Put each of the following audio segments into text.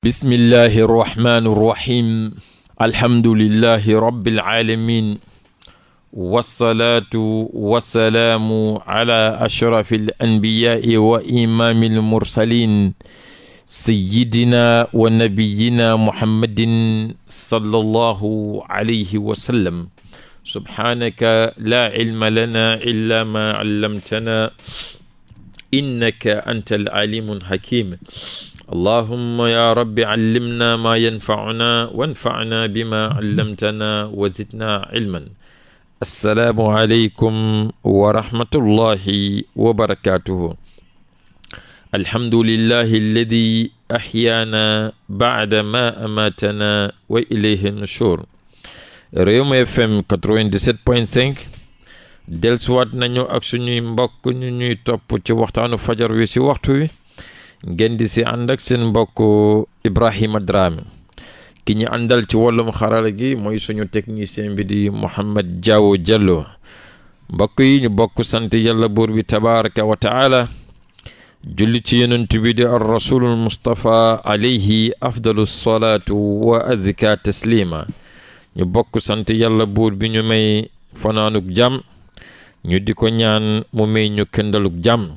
bismillahi irrahmani irrahim alhamdulillahi rabbil aalamin wassalaatu wassalaamu ala ashrafi al anbiyaai wa imaami almursalin sayidina wa nabiyina muhammadin sallallahu alayhi wa sallam subhaanaka laa cilma lana illa maa allamtana innaka anta al alimu hakim allahumma ya rabbi allimna maa yanfauna wanfana bima allamtana wa zidna ilman assalaamu aleykum wa rahmatullahi wa barakatuhu alhamdulillahi alladi ahyaana baada ma amaatana wa ilayhi nushur Rewmi FM 97.5 dellusiwaat nañu ak suñuy mbokk ñu ñuy topp ci waxtaanu fajar wi ci waxtu wi ngeen di si ànd seen mbokku Ibrahima Dramé ki ñu àndal ci wàllum xarala gi mooy suñu technicien bi di Mouhamed Diaw Diallo mbokk yi ñu bokk sant yàlla buur bi tabaraka wa julli ci yonent bi di ar rasulul mustapha alayhi afdalu salaatu wa adka taslima ñu bokk sant yàlla buur bi ñu may fanaanuk jàmm ñu di ko ñaan mu may ñu këndaluk jàmm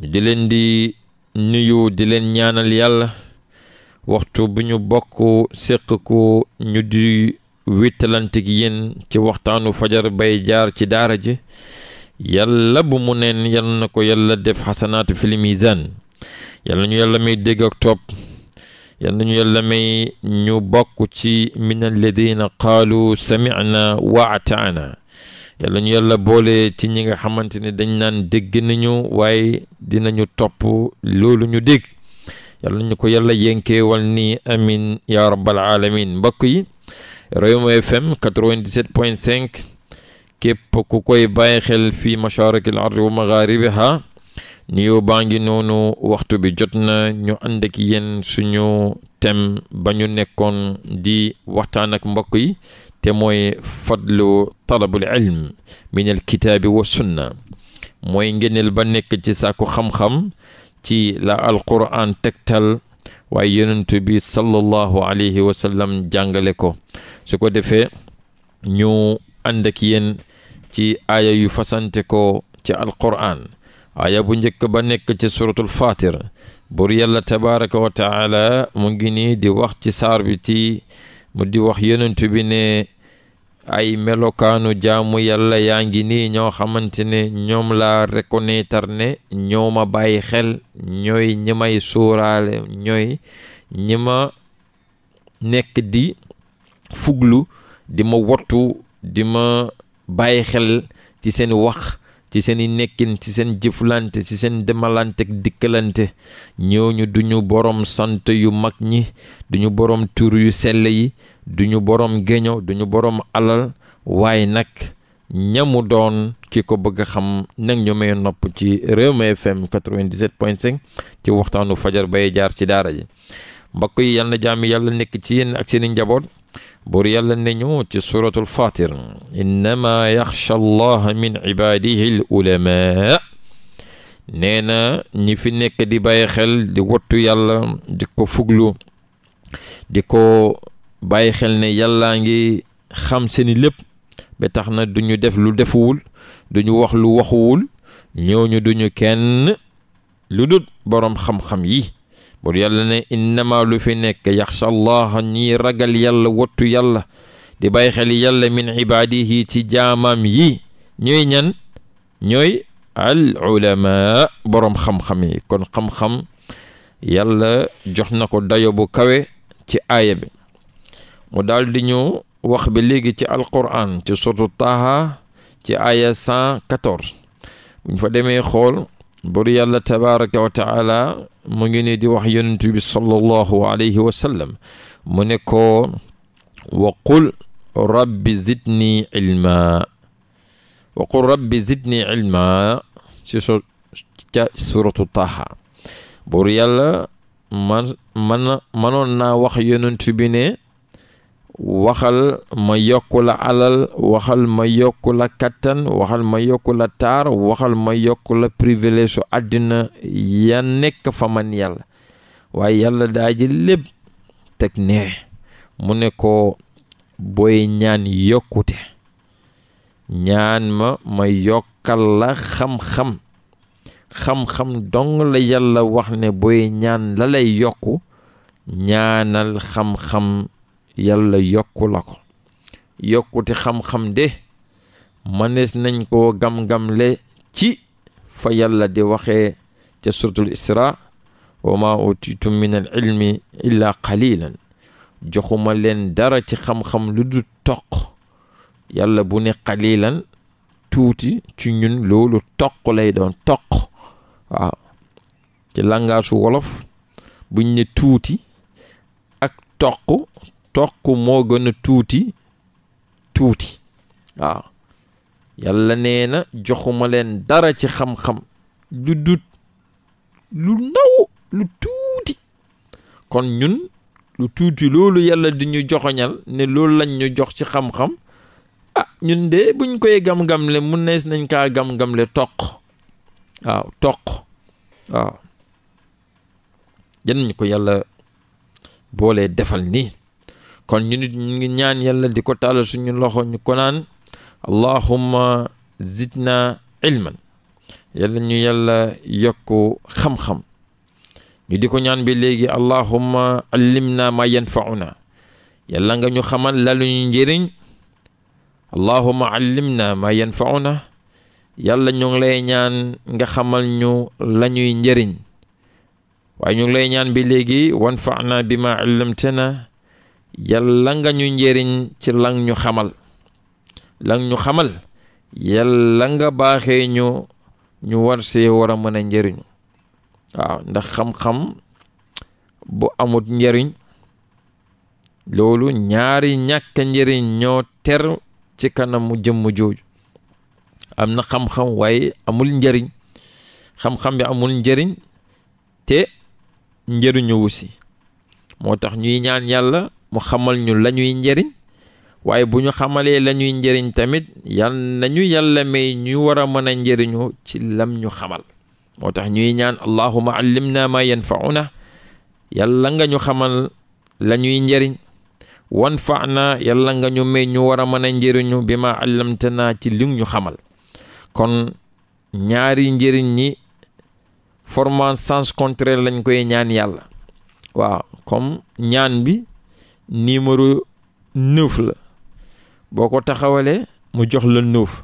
ñu di leen di nuyu di leen ñaanal yàlla waxtu bu ñu bokk séq ko ñu di wittalante gi ci waxtaanu fajar bay jaar ci daara ji yàlla bu mu neen yàlla na ko yàlla def xasanaatu fil mizaan yàlla ñu yàlla may dégg ak yàlla ñu yàlla may ñu bokk ci min alladina qaalu sami'na wa ata'na yàlla ñu yàlla boole ci ñi nga xamante ne dañ naan dégg nañu waaye dinañu topp loolu ñu dégg yàlla ñu ko yàlla yénkeewal ni amin ya rabbal alamin mbokk yi Rewmi FM 97.5 képp ku koy bàyyi xel fii masharikil ardi wa magharibiha nuyoo baa ngi noonu waxtu bi jot na ñu ànd ak suñu thème ba ñu nekkoon di waxtaan ak mbokk yi te mooy fadlu talabul ilm min al wa sunna mooy ngeneel ba nekk ci sàkku xam-xam ci la alquran tegtal waaye yonent bi sallallahu alayhi wa jàngale ko su ko defee ñu ànd ak ci aaya yu fasante ko ci alquran aaya bu njëkk ba nekk ci suratul fatir buur yàlla tabaraka wa mu ngi di wax ci saar bi ci mu di wax yonent bi ne ay melokaanu jaamu yàlla yaa ngi nii ñoo xamante ne ñoom laa reconnaître ne ñoo ma bàyyi xel ñooy ñi may ñooy ñima nekk di fuglu di ma wattu di ma bàyyi xel ci seen wax ci seen i nekkin ci seen jëflante ci seen demalante ak dikkalante ñooñu duñu borom sant yu mag ñi duñu borom tur yu sell yi duñu borom géño duñu borom alal waaye nag ñamu doon ki ko bëgg xam nag ñu may nopp ci Rewmi FM 97.5 ci waxtaanu fajar bay jaar ci daara ji mbokk yi yal na jaami yàlla nekk ci yenn ak seeni i njaboot. buur yàlla ne ñu ci suratul fatir innama yaxsha allaha min ibaadihi l ulama na ñi fi nekk di bàyyi xel di wattu yàlla di ko fuglu di ko bàyyi xel ne yàllaa ngi xam seeni lépp ba tax na duñu def lu defuwul duñu wax lu waxuwul ñooñu duñu kenn lu dut boroom xam-xam yi bur yàlla ne innama lu fi nekk yaxsha allaha ñiy ragal yàlla wattu yàlla di bàyyi xel yàlla min ibaadihi ci jaamaam yi ñooy ñan ñooy al ulama boroom xam-xam yi kon xam-xam yàlla jox na ko dayo bu kawe ci aya bi mu daldi di ñu wax bi léegi ci alquran ci sotu taaha ci aaya 114 buñ fa demee xool bur yàlla tabaraka wa taala mu ngi ne di wax yonent bi sallallahu alayhi wa sallam mu ne ko wa qul rabbi zidni ilma wa qul rabbi zidni ca suratu taha bur yàlla man man mënoon naa wax yonent waxal ma yokku la alal waxal ma yokku la kattan waxal ma yokku la taar waxal ma yokku la privilège su àddina ya nekk fa man yàlla waaye yàlla daa lépp teg ne mu ne ko booy ñaan yokkute ñaan ma ma yokkal la xam-xam xam-xam dong la yàlla wax ne booy ñaan la lay yokku ñaanal xam-xam yàlla yokk la ko yokkuti xam-xam de mënees nañ koo gam le ci fa yàlla di waxee ca suratul isra wa ma utitum min al ilmi illaa qalilan joxuma leen dara ci xam-xam lu du toq yàlla bu ne qalilan tuuti ci ñun loolu toq lay doon toq waaw ci langaasu wolof buñ ne tuuti ak toq toq moo gën a tuuti tuuti waaw yàlla nee na joxuma leen dara ci xam-xam lu dut lu ndaw lu tuuti kon ñun lu tuuti loolu yàlla di ñu joxoñal ne loolu lañ ñu jox ci xam-xam ah ñun de buñ koy gam-gamle mun nees nañ kaa gam-gamle toq waaw toq waaw jënnañ ko yàlla boolee defal nii kon ñu nit ñu ngi ñaan yàlla di ko tàllal suñu loxo ñu ko naan allahumma zidna ilman yàlla ñu yàlla yokk xam-xam ñu di ko ñaan bi léegi allahumma allimna ma yanfauna yàlla nga ñu xamal la lu ñu njëriñ allahumma allimna ma yanfauna yàlla ñu ngi lay ñaan nga xamal ñu la ñuy njëriñ waaye ñu ngi lay ñaan bi léegi wanfana bi ma allamtana yàlla nga ñu njariñ ci lang ñu xamal lang ñu xamal yàlla nga baaxee ñu ñu war se war a mën a njëriñu waaw ndax xam-xam bu amut njariñ loolu ñaari ñàkk njëriñ ñoo ter ci kanamu jëmm jooju am na xam-xam waaye amul njariñ xam-xam bi amul njariñ te njëriñu wusi moo tax ñuy ñaan yàlla mu xamal ñu la ñuy njëriñ waaye bu ñu xamalee lañuy ñuy njëriñ tamit yal nañu yàlla may ñu war a mën njëriñu ci lam ñu xamal moo tax ñuy ñaan allahuma allimna ma yanfauna yàlla nga ñu xamal la ñuy njëriñ wanfana yàlla nga ñu may ñu war a mën a njëriñu bi ma allamtana ci li ñu xamal kon ñaari njëriñ ñi formant sens contraire lañ koy ñaan yàlla waaw comme ñaan bi numéro neuf la boo ko taxawalee mu jox la neuf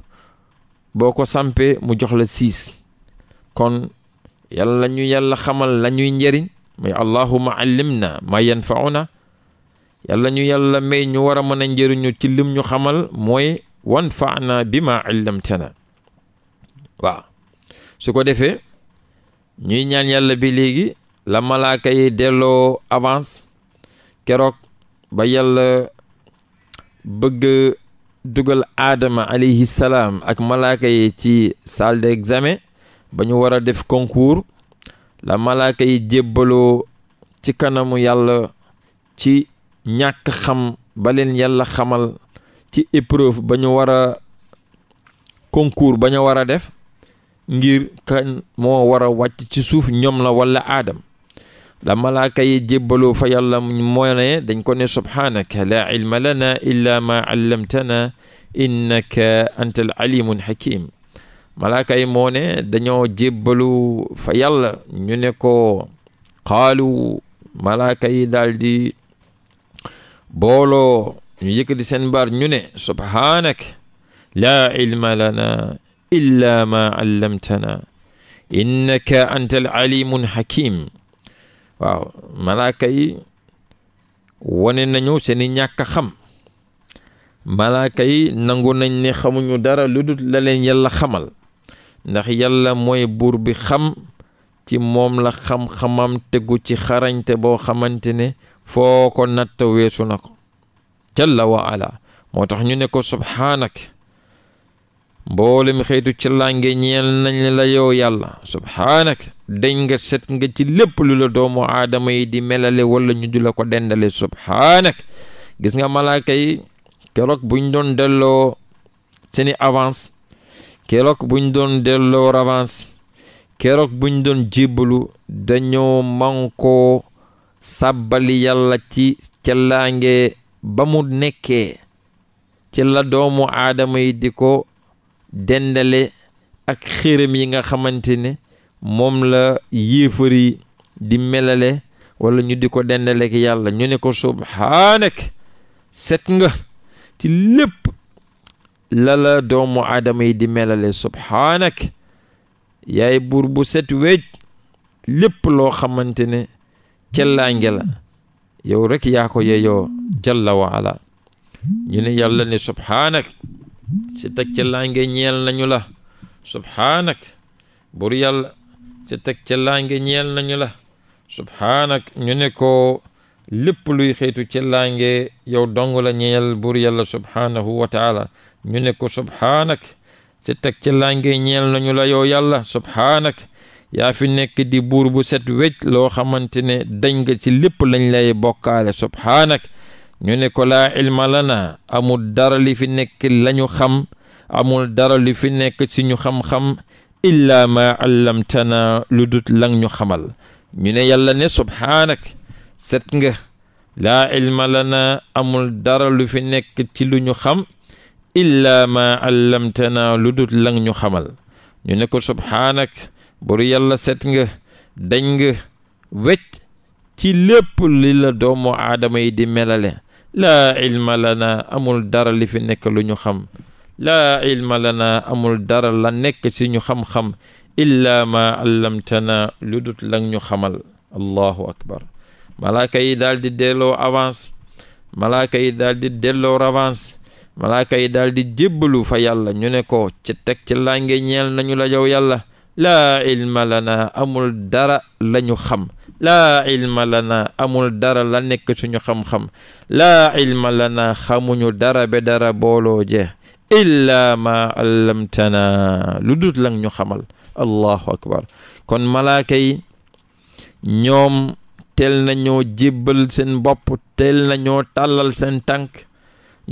boo ko sampee mu jox la siis kon yàlla ñu yàlla xamal la ñuy njëriñ muy allahuma allimna ma yanfauna yàlla ñu yàlla may ñu war a mën a njëriñu ci lim ñu xamal mooy wanfana bi ma allamtana waaw su ko defee ñuy ñaan yàlla bi léegi la malaaka yi delloo avance keroog ba yàlla bëgg dugal aadama alayhi salaam ak malaaka yi ci salle d'examen ba ñu war a def concours la malaaka yi jébbaloo ci kanamu yàlla ci ñàkk xam ba yàlla xamal ci épreuve ba ñu war concours ba ñu war a def ngir kan moo war a wàcc ci suuf ñoom la walla aadam la malaaka yi jébbaloo fa yàlla moo ne dañ ko ne subhaanaka laa lana illa ma allamtana innaka anta al alimun hakim malaaka yi moo ne dañoo jébbalu fa yàlla ñu ne ko xaalu malaaka yi daal di booloo ñu yëkkati seen baar ñu ne subhaanak laa ilma lana illa ma allamtana innaka anta al alimun hakim waaw malaaka yi wone nañu seeni ñàkk xam malaaka yi nangu nañ ni xamuñu dara lu dul la leen yàlla xamal ndax yàlla mooy buur bi xam ci moom la xam-xamam tegu ci xarañte boo xamante ne foo ko natt weesu na ko jalla wa ala moo tax ñu ne ko subhaanak mboolem xeetu ci lange ñeel nañ la yow yàlla dañ nga set nga ci lépp lu la doomu aadama yi di melale wala ñu du la ko dendale subhaanak gis nga malaaka yi keroog buñ doon delloo seeni avance keroog buñ doon delloo avance kerook buñ doon jébbalu dañoo mànkoo sàbbali yàlla ci cellaange ba nekkee ci la doomu aadama yi di ko dendale ak xërëm yi nga xamante ne moom la yéefari di melale walla ñu di ko dendaleek yàlla ñu ne ko subhaanak set nga ci lépp la doomu aadama yi di melale subhaanak yaay buur bu set wecc lépp loo xamante ne cellaange la yow rek yako ko yeyoo jalla wa ñu ne yàlla ne subhaanak set ak cellaange ñeel nañu la subhaanak buur yàlla ca teg ca laange ñeel nañu la subhaanak ñu ne ko lépp luy xeetu ca laange yow dong la ñeel buur yàlla subhaanahu wa taala ñu ne ko subhaanak ca teg ca laange ñeel nañu la yow yàlla subhaanak yaa fi nekk di buur bu set wecc loo xamante ne dañ ci lépp lañ lay bokkaale subhaanak ñu ko laa ilma lana amul dara li fi nekk lañu xam amul dara li fi nekk ci ñu xam-xam illaa maa allamtana lu dut lang ñu xamal ñu ne yàlla ne subhaanak set nga laa ilma lana amul dara lu fi nekk ci lu ñu xam illaa maa allamtana lu dut lang ñu xamal ñu ne ko subhaanak buru yàlla set nga dañ nga wecc ci lépp li la doomu aadama yi di melale laa ilma lana amul dara li fi nekk lu ñu xam laa ilma lana amul dara la nekk suñu ñu xam-xam illaa ma allamtana lu dut lang ñu xamal allahu akbar malaaka yi daal di delloo avance malaaka yi daal delloo revanche malaaka yi daal di jébbalu fa yàlla ñu ne ko ci teg ci lànge ñeel nañu la yow yàlla laa ilma lana amul dara lañu xam laa ilma lana amul dara la nekk suñu xam-xam laa ilma lana xamuñu dara be dara boolooje illaa maa allamtanaa lu lang ñu xamal allahu akbar kon malaaka yi ñoom teel nañoo jébbal seen bopp teel nañoo tàllal seen tànk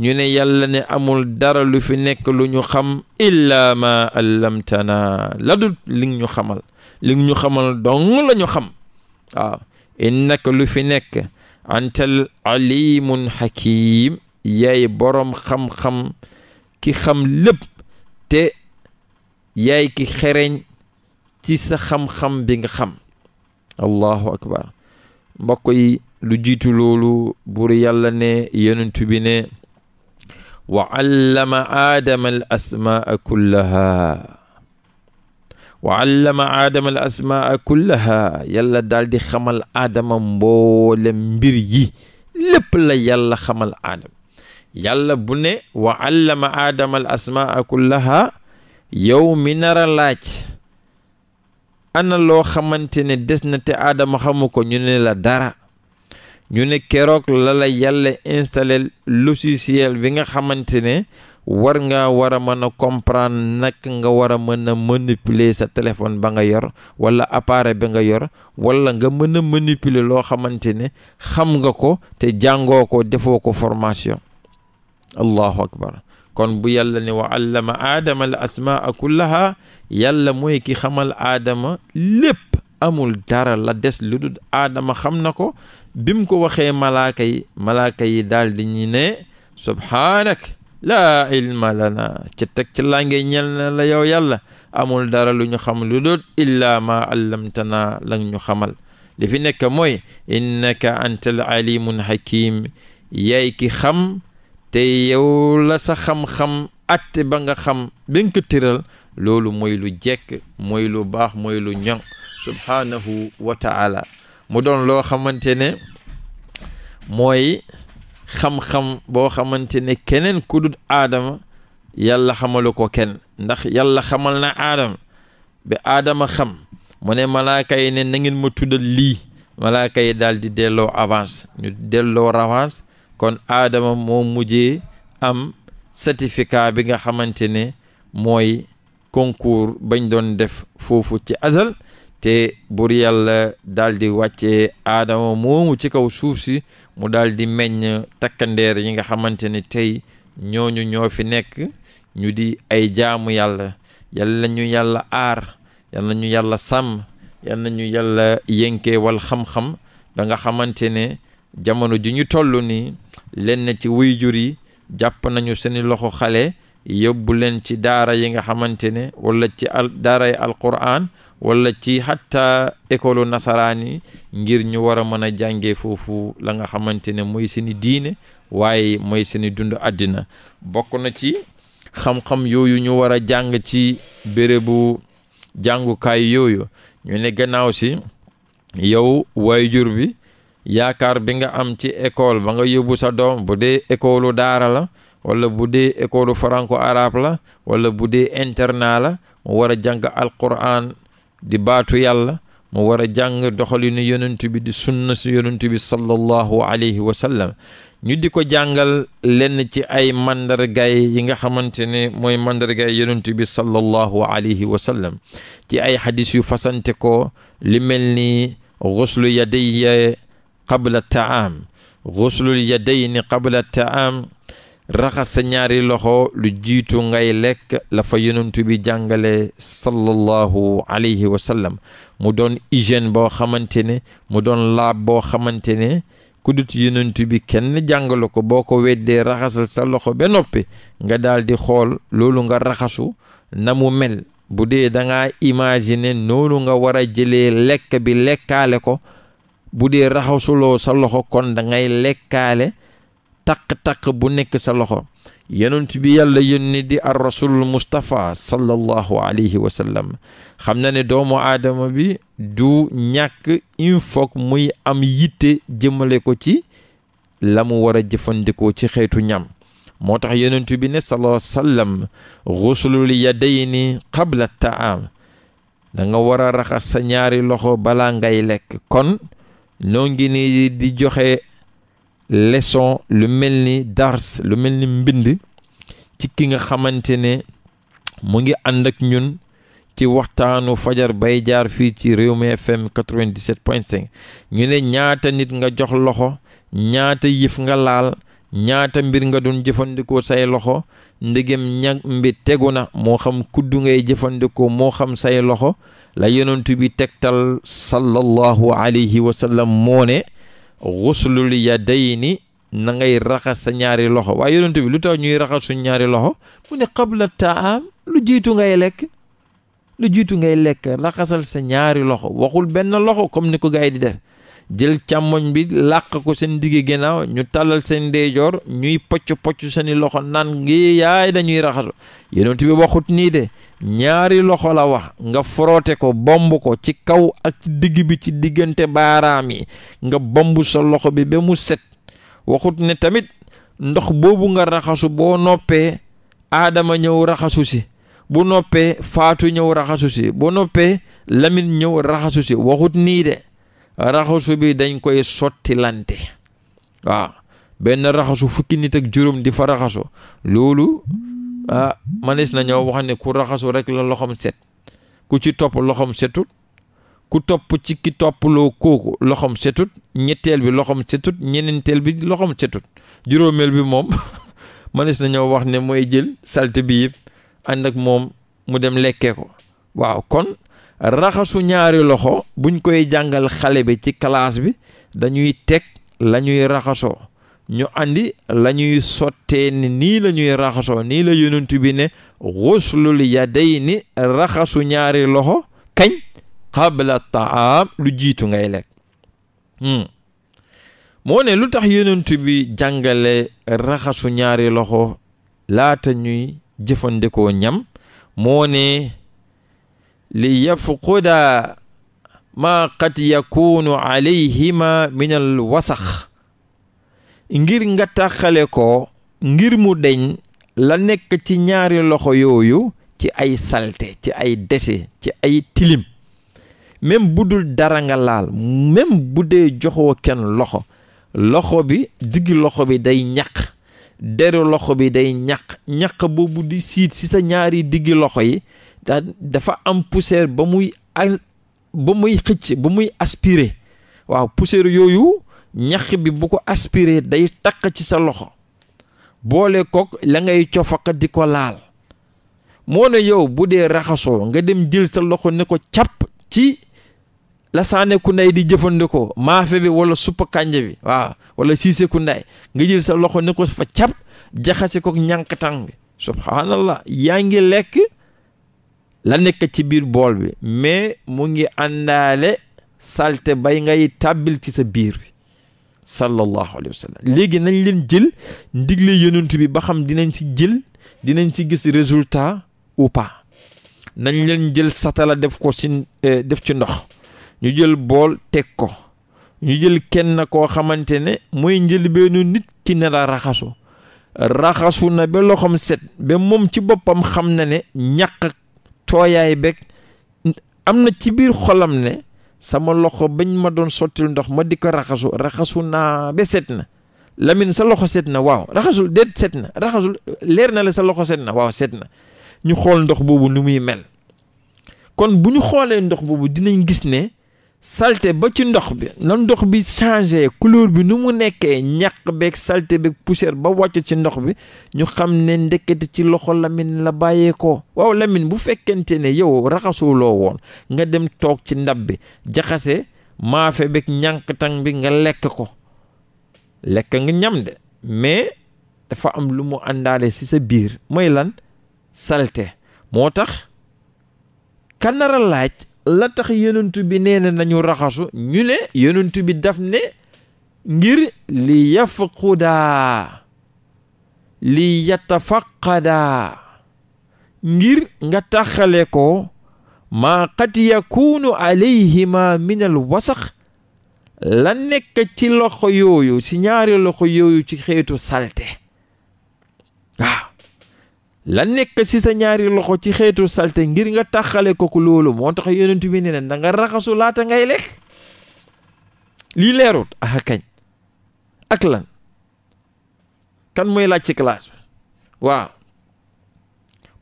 ñu ne yàlla ne amul dara lu fi nekk lu ñu xam illaa maa allamtanaa la dut ñu xamal li ñu xamal dong la xam waaw innaka lu fi nekk antal alimun hakim yaay boroom xam-xam ki xam lépp te yaay ki xereñ ci sa xam-xam bi xam allahu akbar mbokk yi lu jiitu loolu buur yàlla ne yonent bi ne wa allama aadama al asmaa kullaha wa allama aadama al asmaa kullaha xamal aadama mbir yi lépp la yàlla xamal aadama yàlla bu ne wa allama aadamal al asmaa kullaha yow mi nar a laaj ana loo xamante ne des na te aadama xamu ko ñu ne la dara ñu ne keroog la la yàlla installé logiciel bi nga xamante ne war nga war a mën a comprendre nag nga war a mën a manipuler sa téléphone ba nga yor wala appareil bi nga yor walla nga mën a loo xamante ne xam nga ko te jàngoo ko defoo ko formation allahu akbar kon bu yàlla ne wa allama aadama al asmaa kullaha yàlla mooy ki xamal aadama lépp amul dara la des lu dul aadama xam na ko bim ko waxee malaaka yi malaaka yi daal di ñu ne subhaanak laa ilma lana ci teg ci laa ngay yow yàlla amul dara lu ñu xam lu dul illaa maa allamtanaa la ñu xamal li fi nekk mooy innaka antal alimun te yow la sa xam-xam atte ba nga xam ba nga loolu moylu lu jekk mooy lu baax mooy lu ñoŋ subhaanahu wa taala mu doon loo xamante ne mooy xam-xam boo xamante ne keneen ku dul aadama yàlla xamalu ko kenn ndax yàlla xamal na aadama ba aadama xam mu ne malaaka yi ne na ma tuddal lii malaaka yi daal di delloo avance ñu delloo kon aadama moo mujjee am certificat bi nga xamante ne mooy concours bañ doon def foofu ci asal te bur yàlla daal di wàccee aadama moomu ci kaw suuf si mu dal di meññ takkandeer yi nga xamante ne tey ñooñu ñoo fi nekk ñu di ay jaamu yàlla yàlla ñu yàlla aar yàlla ñu yàlla sàmm yàlla ñu yàlla yënkee wal xam-xam ba nga xamante ne jamono ji ñu toll nii lenn ci waajur yi jàpp nañu seeni loxo xale yóbbu leen ci daara yi nga xamante ne wala ci al daara yi alquran wala ci hatta école nasaraan yi ngir ñu war a mën a jàngee foofu la nga xamante ne mooy seeni diine waaye mooy seeni dund àddina bokk na ci xam-xam yooyu ñu war a jàng ci bérébu jàngukaay yooyu ñu ne gannaaw si yow waajur bi yaakaar bi nga am ci école ba nga yóbbu sa doom bu dee école daara la wala bu dee école franco arabe la wala bu dee internat la mu war a jàng alquran di baatu yàlla mu war a jàng doxalinu yonent bi di sunna si yonent bi sallallahu alayhi wa ñu di ko jàngal lenn ci ay mandargay yi nga xamante ne mooy mandargaay yonent bi sallallahu alayhi wa sallam ci ay xadis yu fasante ko li ni xuslu yadayya qabla taam xuslul yadayni qabla raxas sa ñaari loxo lu jiitu ngay lekk la fa bi jàngale sallallahu alayhi wa sallam mu doon hygiène boo xamante ne mu doon laab boo xamante ne ku dut bi kenn jàngale ko boo ko weddee raxasal sa loxo ba noppi nga daal di xool loolu nga raxasu namu mu mel bu dee da ngaa imaginer noonu nga war a jëlee lekk bi lekkaale ko bu dee raxasuloo sa loxo kon da ngay lekkaale taq-taq bu nekk sa loxo yonent bi yàlla yónni di ar rasulul mustapha sallallahu alayhi wa xam na ne doomu aadama bi du ñàkk il muy am yitte jëmale ko ci la mu war a jëfandikoo ci xeetu ñam moo tax yonent bi ne sallallahu sallam xuslul yadayni qabla taam da nga war a raxas sa ñaari loxo balaa ngay lekk kon ñoo ngi nii di joxe leson lu mel ni dars lu mel ni mbind ci ki nga xamante ne mu ngi ànd ak ñun ci waxtaanu fajar bay jaar fii ci réew Rewmi FM 97.5 ñu ne ñaata nit nga jox loxo ñaata yëf nga laal ñaata mbir nga doon jëfandikoo say loxo ndegem ñag mbi tegu na moo xam kuddu ngay jëfandikoo moo xam say loxo la yonentu bi tegtal sallallahu alayhi wa sallam moo ne xuslul yadayni na ngay raxas sa ñaari loxo waaye yonentu bi lu tax ñuy raxas suñ ñaari loxo mu ne qabla taam lu jiitu ngay lekk lu jiitu ngay lekk raxasal sa ñaari loxo waxul benn loxo comme ni ko gars di def jël càmmoñ bi làq ko seen digg ginnaaw ñu tàllal seen ndeejoor ñuy pocc pocc seeni loxo naan ngi yaay dañuy raxasu yonent bi waxut nii de ñaari loxo la wax nga froote ko bomb ko ci kaw ak digg bi ci diggante baaraam yi nga bomb sa loxo bi ba mu set waxut ne tamit ndox boobu nga raxasu boo noppee aadama ñëw raxasu si bu noppee faatu ñëw raxasu si bu noppee lamin ñëw raxasu si waxut nii de raxasu bi dañ koy sottilante waaw benn raxasu fukki nit ak juróom di fa raxasoo loolu ah manis na ñoo wax ne ku raxasu rek la loxom set ku ci topp loxom setut ku topp ci ki topploo kooku loxom setut ñetteel bi loxom setut ñeneenteel bi loxom setut juróomeel bi moom manis na ñoo wax ne mooy jël salte bi yëpp ànd ak moom mu dem lekkee ko waaw kon raxasu ñaari loxo buñ koy jàngal xale bi ci kalaas bi dañuy teg lañuy raxasoo ñu andi lañuy ñuy sottee ni nii lañuy raxasoo nii la yonent bi ne xuslul ni raxasu ñaari loxo kañ qabla taam lu jiitu ngay lekk hmm. moo ne lu tax yonent bi jàngale raxasu ñaari loxo laata ñuy jëfandikoo ñam moo ne li yafquda maa qad yakunu alayhima min al wasax ngir nga tàqale ko ngir mu deñ la nekk ci ñaari loxo yooyu ci ay salte ci ay dese ci ay tilim même bu dul dara nga laal même bu dee joxoo kenn loxo loxo bi digg loxo bi day ñaq deru loxo bi day ñaq ñaq boobu di siit ci sa ñaari digg loxo yi dafa am poussière ba muy ba muy xëcc ba muy aspire waaw poussière yooyu ñax bi bu ko aspirer day takk ci sa loxo boole kook la ngay cofaka di ko laal moo ne yow bu dee raxasoo nga dem jël sa loxo ne ko càpp ci la saane ku nday di jëfandikoo maafe bi wala supp kànja bi waaw wala siise ku nday nga jël sa loxo ne ko fa càpp jaxase kook ñànkatang bi subhaanallah yaa ngi lekk la nekk ci biir bool bi mais mu ngi àndaale salte bay ngay tàbbil ci sa biir bi sallallahu alayhi wa sallam léegi nañ leen jël ndigle yonent bi ba xam dinañ ci jël dinañ ci gis résultat ou pas nañ leen jël satala def ko ci eh, def ci ndox ñu jël bool teg ko ñu jël kenn koo xamante ne mooy njëlbeenu nit ki ne raxasu raxasu na ba loxom set ba moom ci boppam xam na ne ñàq tooyaay beeg am na ci biir xolam ne sama loxo bañ ma doon sottil ndox ma di ko raxasu raxasu naa ba set na Lamine sa loxo set na waaw raxasul déet set na raxasul leer na la sa loxo set na waaw set na ñu xool ndox boobu nu muy mel kon bu ñu xoolee ndox boobu dinañ gis ne salte ba ci ndox bi la ndox bi changé couleur bi nu mu nekkee ñàq beeg salte beeg poussière ba wàcc ci ndox bi ñu xam ne ndekete ci loxo Lamine la bàyyeekoo waaw Lamine bu fekkente ne yow raxasuloo woon nga dem toog ci ndab bi jaxase maafee beeg ñànkatang bi nga lekk ko lekk nga ñam de mais dafa am lu mu àndaale ci sa biir mooy lan salte moo tax kanara la tax yonent bi nee na nañu raxasu ñu ne yonent bi daf ne ngir li yafqudaa li yatafaqadaa ngir nga taxale ko maa qad yakunu alayhima min al la nekk ci loxo yooyu ci ñaari loxo yooyu ci xeetu salte la nekk ci sa ñaari loxo ci xeetu salte ngir nga taxale ko ku loolu moo tax yonent bi ne na nga raxasu laata ngay lekk lii leerut ah kañ ak lan kan mooy laaj ci classe waaw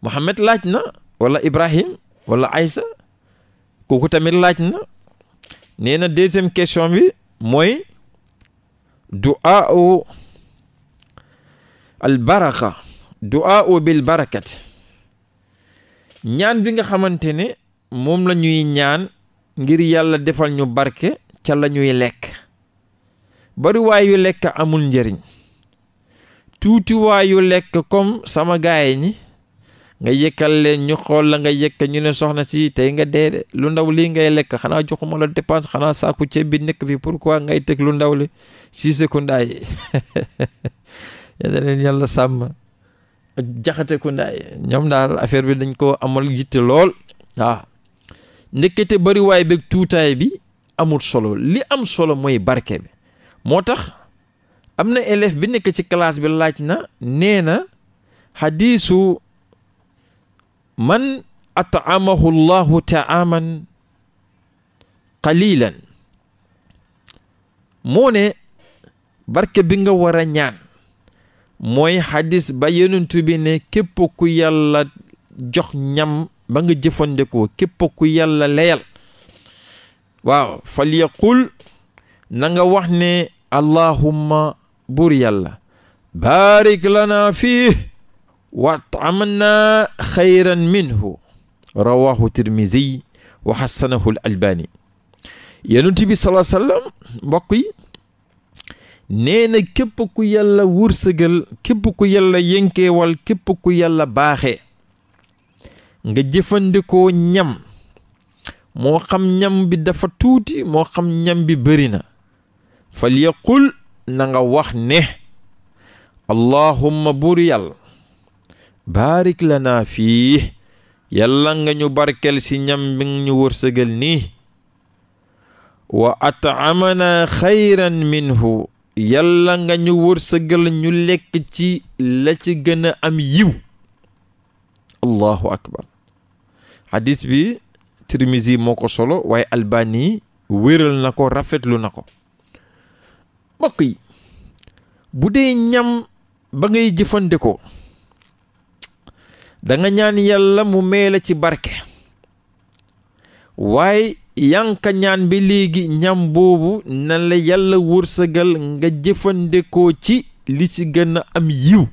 Mohamed laaj na wala Ibrahim walla Aïssa kooku tamit laaj na nee na deuxième question bi mooy du'a al baraka du'a bil barakati ñaan bi nga xamante ne moom la ñuy ñaan ngir yàlla defal ñu barke ca la ñuy lekk bariwaayu lekk amul njëriñ tuutiwaayu lekk comme sama gaay ñi nga yëkkal leen ñu xool la nga yëkka ñu ne soxna si tey nga dee de lu ndaw lii ngay lekk xanaa joxuma la dépense xanaa saaku ceeb bi nekk fi pourquoi ngay teg lu ndaw li six secondes yi leen yàlla sàmm jaxate ku ndaay ñoom daal affaire bi dañ ko amal yitte lool waaw bariwaay beeg tuutaay bi amul solo li am solo mooy barke bi moo tax am na élève bi nekk ci classe bi laaj na nee na xadiisu man ataamahu llahu taaman qalilan moo ne barke bi nga war a ñaan mooy xadis ba yonent bi ne képp ku jox ñam ba nga jëfandikoo képp ku yàlla leyal waaw fal yaqul na nga wax ne allahumma buur yàlla baarik lana fii wa atamna xayran minhu rawahu tirmisiy wa xasanahu al albani yonent bi salaa yi nee na képp ku yàlla wërsëgal képp ku yàlla yenkeewal képp ku yàlla baaxe nga jëfandikoo ñam moo xam ñam bi dafa tuuti moo xam ñam bi bëri na fal yaqul na nga wax ne allahumma buur yàlla baarik lana fii yàlla nga ñu barkel ci ñam bi ñu wërsëgal nii wa ataamana xayran minhu yàlla nga ñu wërsëgal ñu lekk ci la ci gëna am yiw allahu akbar hadis bi Tirmizi moo ko solo waaye Albani wéral na ko rafetlu na ko mbokk yi bu dee ñam ba ngay jëfandikoo danga nga ñaan yàlla mu meela ci barke waaye yanka ñaan bi léegi ñam boobu na la yàlla wërsëgal nga jëfandikoo ci li ci gën a am yiw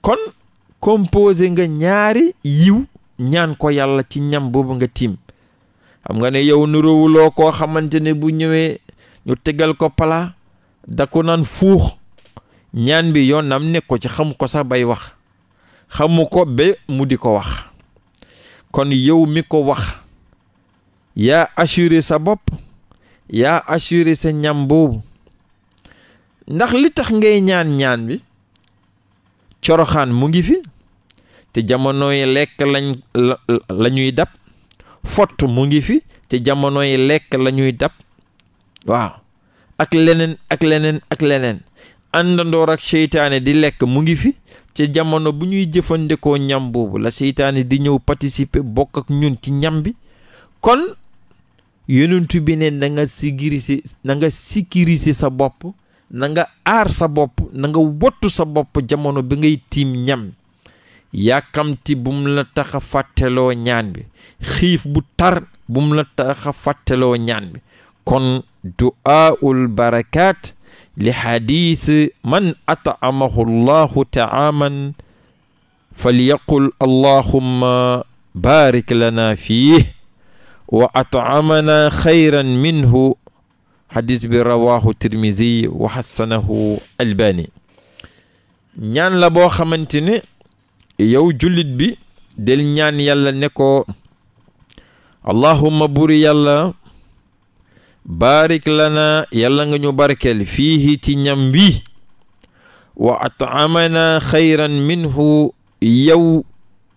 kon composé nga ñaari yiw ñaan ko yàlla ci ñam boobu nga tiim xam nga ne yow nuróowuloo koo xamante ne bu ñëwee ñu tegal ko palaa da ko naan fuux ñaan bi yoon nam nekk ci xamu ko sax bay wax xamu ko ba mu di ko wax kon yow mi ko wax yaa assuré sa bopp yaa assuré sa ñam boobu ndax li tax ngay ñaan ñaan bi coroxaan mu ngi fi te jamonoy lekk lañ dab fott mu ngi fi te jamonoy lekk lañuy dab waaw ak leneen ak leneen ak leneen àndandoor ak seytaane di lekk mu ngi fi te jamono bu ñuy jëfandikoo ñam boobu la seytaane di ñëw participer bokk ak ñun ci ñam bi kon yonentu bi ne na nga nga sécuriser sa bopp na aar sa bopp na nga wottu sa bopp jamono bi ngay tiim ñam yàkkamti bu mu la tax a fàtteloo ñaan bi xiif bu tar bu la tax a fàtteloo ñaan bi kon du'aaul barakaat li xadiis man at'amahu llahu ta'aaman falyaqul allahumma baarik lana fiih wa at'amana xayran minhu xadis bi rawahu tirmisi wa xassanahu albani ñaan la boo xamante ne yow jullit bi del ñaan yàlla ne ko allahumma buri yàlla baarik lana yàlla nga ñu barkeel fiihi ci ñam wi wa at'amana xayran minhu yow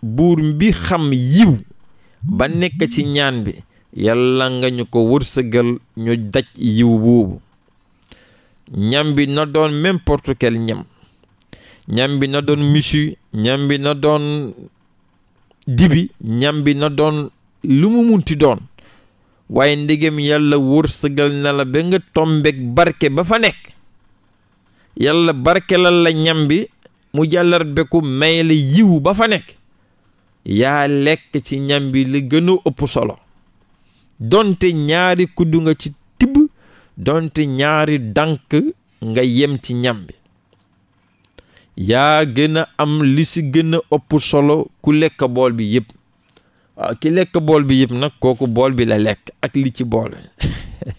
buur bi xam yiw ba nekk ci ñaan bi yàlla nga ñu ko wërsëgal ñu daj yiw boobu ñam bi na doon n'importe ñam ñam bi na doon misu ñam bi na doon dibi ñam bi na doon lu mu munti doon waaye ndegem yàlla wërsëgal na la ba nga tombeek barke ba fa nekk yàlla barkelal la ñam bi mu jàllar beku may la ba fa nekk yaa lekk ci ñam bi li gëna ëpp solo donte ñaari kuddu nga ci tibb doonte ñaari dànk nga yem ci ñam bi yaa gën a am li si gën a ëpp solo ku lekk bool bi yëpp waaw ki lekk bool bi yëpp nag kooku bool bi la lekk ak li ci bool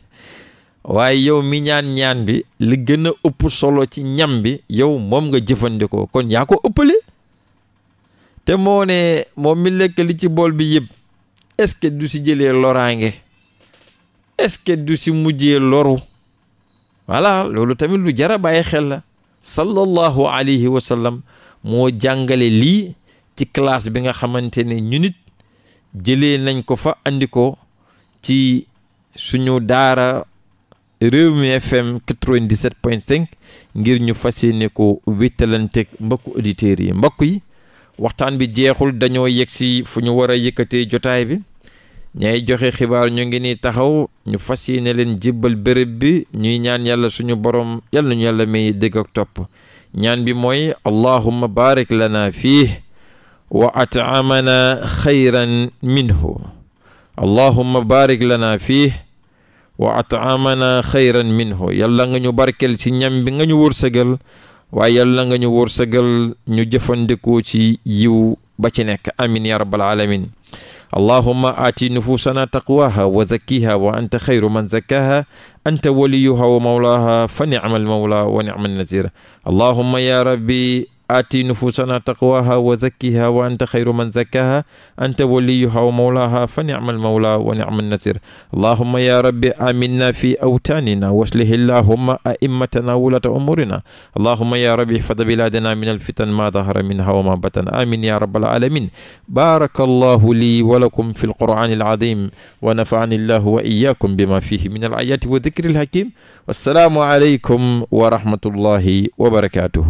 waaye yow mi ñaan ñaan bi li gëna ëpp solo ci ñam bi yow moom nga jëfandikoo kon yaa ko ëppale te moo moom mi lekk li ci bool bi yëpp est-ce que du si jëlee loraange est-ce que du si mujjee loru voilà loolu tamit lu jara bàyyi xel la sallallahu alayhi wa sallam moo jàngale lii ci classe bi nga xamante ne ñu nit jëlee nañ ko fa andi ko ci suñu daara réew mi fm 97.5 ngir ñu fas yéene ko wéttalanteeg mbokku auditeurs yi mbokk yi waxtaan bi jeexul dañoo yegsi fu ñu war a yëkkatee jotaay bi ñay joxe xibaar ñu ngi nii taxaw ñu fas yéene leen jébbal béréb bi ñuy ñaan yàlla suñu borom yàlla ñu yàlla may dégg topp ñaan bi mooy allahumma barik lana fii wa atamana xayran minhu allahumma barik lana fii wa atamana xayran minhu yàlla nga ñu barkel ci ñam bi nga ñu wërsëgal waaye yàlla nga ñu wërsëgal ñu jëfandikoo ci yiw ba ci nekk amin ya rabbal alamin allahumma aati nufuusana taqwaha wa zakkiha wa anta xayru man zakkaha anta waliyuha wa mawlaaha fa nicma almawla wa nicma annasir allahumma ya rabbi aati nufuusanaa taqwaaha wa zakkiha wa anta xayru man zakkaaha anta waliyuha wa mawlaaha fa nicma almawla wa nicma annasir allahuma ya rabbi aminna fi awtaanina waslih illahuma aimmatana wulata umurina allahuma ya rabbi ihfad biladana min alfitan ma dahara minha wa ma batan amin ya rabbal alamin baraka allahu li wa lakum fi alqur'ani alazim wa nafa'ani allahu wa iyyakum bima fihi min alayati wa dhikri alhakim wassalaamu alaykum wa rahmatullahi wa barakatuhu